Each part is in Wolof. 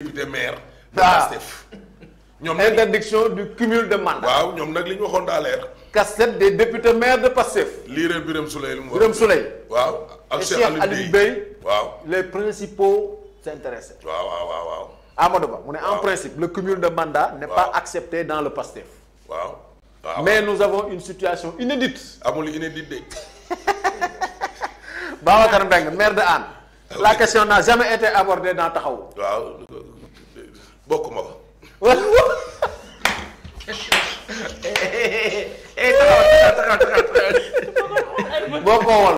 député maire. de Pastef ñoom interdiction du cumul de mandat. waaw ñoom nag li ñu waxoon daa leer. cassette des députés maires de Pastef. liire réer Birame Souleye lu mu wax Birame les principaux s'intéressent. waaw waaw waaw waaw. Amadou mu ne en principe le cumul de mandat. n'est pas accepté dans le Pastef. waaw. mais nous avons une situation inédite. amul inédite de. Babacar Mbengue maire de Hann. la question n'a jamais été abordée dans taxawu. waaw bokkuma ko. Eh, boo ko nga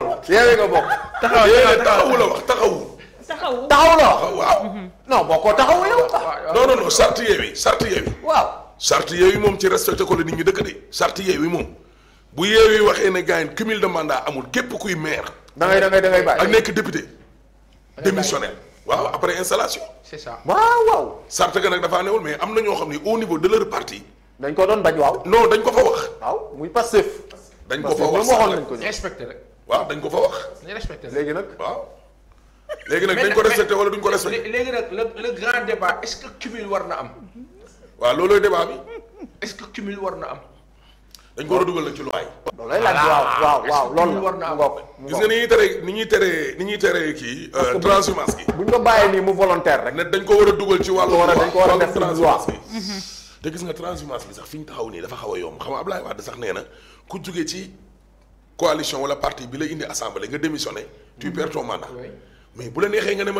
bokk. taxaw taxawu la wax taxawu. taxawu taxawu la wax. waaw. non boo ko taxawu yow. Ah, ah, non non non sart Yewwi sart waaw sart Yewwi moom ci respecté ko la nit ñi dëkk de sart Yewwi moom bu Yewwi waxee ne gars yi cumul de mandat amul képp kuy maire. da ngay da ngay da ngay bàyyi ak nekk député. démissionnaire waaw après installation. c'est ça waaw waaw. sarta ga nag dafaa newul mais am na ñoo xam ne au niveau de leur parti. dañ ko doon bañ waaw. non dañ ko fa wax. waaw muy passif. dañ ko fa wax respecté rek. waaw dañ ko fa wax. dañ léegi nag waaw. léegi nag dañ ko respecté wala duñ ko respecté. léegi nag le le grand débat est-ce war na am. waaw loolooy débat bi. est-ce war na am. dañ ko war a dugal nag ci luwaay. loolay laaj waaw waaw waaw loolu war naa ko gis nga ni ñuy tere ni ñuy tere ni kii. Euh, transhumance gi bu ñu ko bàyyee nii mu volontaire rek. ne dañ ko war a dugal ci wàllu. dañ ko war a def transhumance bi te gis nga transhumance bi sax fi ñu taxaw nii dafa xaw a yomb xam nga Abdoulaye Wade sax nee ku jógee ci coalition wala parti bi la indi assemblée nga démissionné tu mm-hmm. perds ton mandat mais bu la neexee nga ne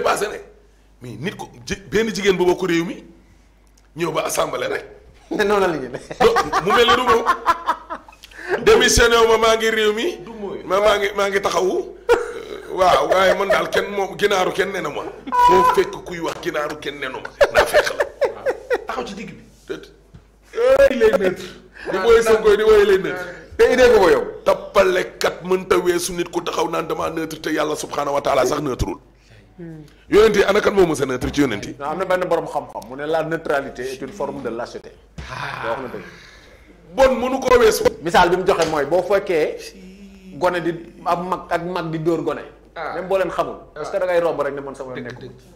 ma mais nit ko benn jigéen bu bokk réew mi ñëw ba assemblée rek. mais noonu mu mel ni du moom ma maa ngi réew mi. ma maa ngi maa ngi taxawu. Euh, waaw waaye man daal kenn moom ginaaru kenn nenu ma. foo fekk kuy wax ginaaru kenn nenu ma naa fekk la. taxaw ci digg bi. déet. lay nëtt. di wooy sa koy di wooy lay nëtt. te idée ko ko yow. tappalekat mënta weesu nit ku taxaw naan damaa neutre te yàlla subxanahu wa taala sax neutrewul. yonent yi ana kan moo mës a neutre ci yonent yi. am na benn borom xam-xam mu ne la neutralité est une forme de la wax na dëgg. bon mënu koo weesu. bi mu joxe mooy boo fekkee gone di ab mag ak mag di dóor gone. Ah. même boo leen xamul. Ah. parce que da rek ne man sama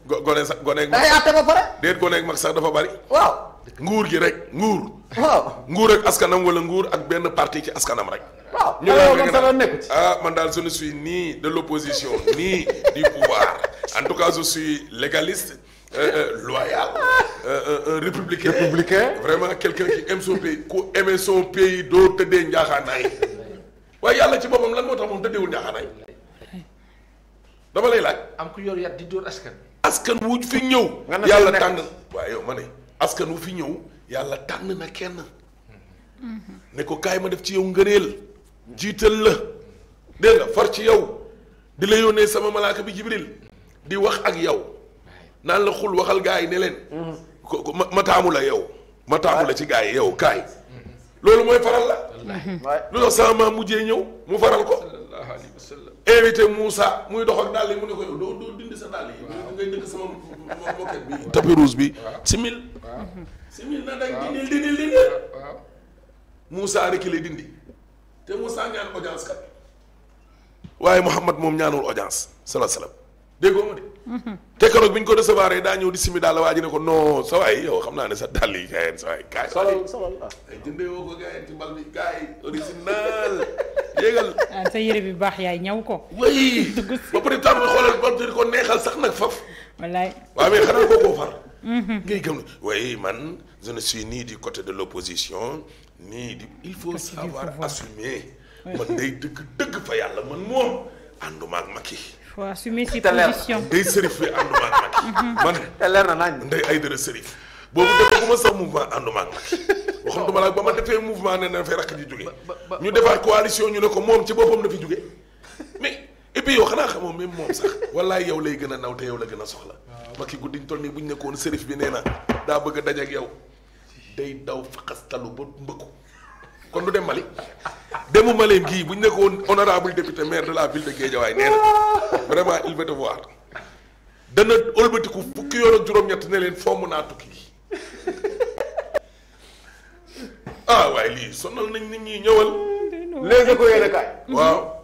go gone sax gone ak mag da ngay àtte sax dafa bari. waaw nguur gi rek nguur. nguur askanam wala nguur ak benn parti ci askanam rek. waaw ñu ah, man daal je ne suis ni de l' opposition ni du pouvoir. en tout cas je suis légaliste euh, euh loyal un euh, euh, républicain vraiment quelqu'un qui aime son pays ku aime son pays doo tëddee njaaxaanaay waaye yàlla ci boppam lan moo tax moom tëddeewul njaaxaanaay dama lay laaj. am ku yor yat di dóor askan. askan wu fi ñëw. yàlla tànn waaye yow ma ne askan wu ñëw yàlla tànn na kenn. ne ko kaay ma def ci yow ngëneel. jiital la. dégg nga far ci yow. di la yónnee sama malaaka bi jibril di wax ak yow naan la xul waxal gars yi ne leen. ma ma taamu la yow. ma taamu la ci gaa yi yow kaay. loolu mooy faral la. lu tax sama mujjee ñëw mu faral ko. invité Moussa muy dox ak dàll yi mu ne ko yow doo doo dindi sa dàll yi. waaw ngay dindi sama moket bi. tapis rouge bi simil. waaw simil na dag dindil dindil dindil. waaw Moussa rek lay dindi. te Moussa ñaan audience kat. waaye Mouhamad moom ñaanul audience. salaasalaam. déggoo ma de. te keroog bi ñu ko recevoir daa ñëw di simi daal la waa ji ne ko non sa yow xam naa ne sa dàll yi kaay sa waay kaay. yére solal waaw. jëndee woo ko gaay ci bal bi gaay original yéegal. ah sa yére bi baax yaay ñaw ko. way ba pare taal ma xoolal ba te ko neexal sax nag faf. wallaay waaw mais xanaa kookoo far. Mhm. ngay gëm way man je ne suis ni du côté de l'opposition ni du il faut savoir assumer man day dëgg dëgg fa yàlla man moom ànduma ak Macky faut assumer ses positions day sërif bi ànduma ak Macky mhm. man te leer na nañ Ndeye Aïdara sërif boobu defaguma sax mouvement ànduma ak Macky waxantuma la ba ma defee mouvement ne na fay rakk ji jóge ñu defaat coalition ñu ne ko moom ci boppam na fi jóge mais et puis yow xanaa xamoo même moom sax wallaay yow lay gën a naw te yow la gën a soxla Macky guddiñ toll nii buñ nekkoon sërif bi nee na daa bëgg a daje ak yow day daw faxastalu ba mbëkku kon du dem Mali Demba Malem gii bu ñu nekkoon honorable député maire de la ville de Guédiawaye nee na vraiment il va te voir dana ëlbatiku fukki yoon ak juróom-ñett ne fomm naa tukki gi ah waaye lii sonal nañ nit ñi ñëwal. léegi ko yéene waaw.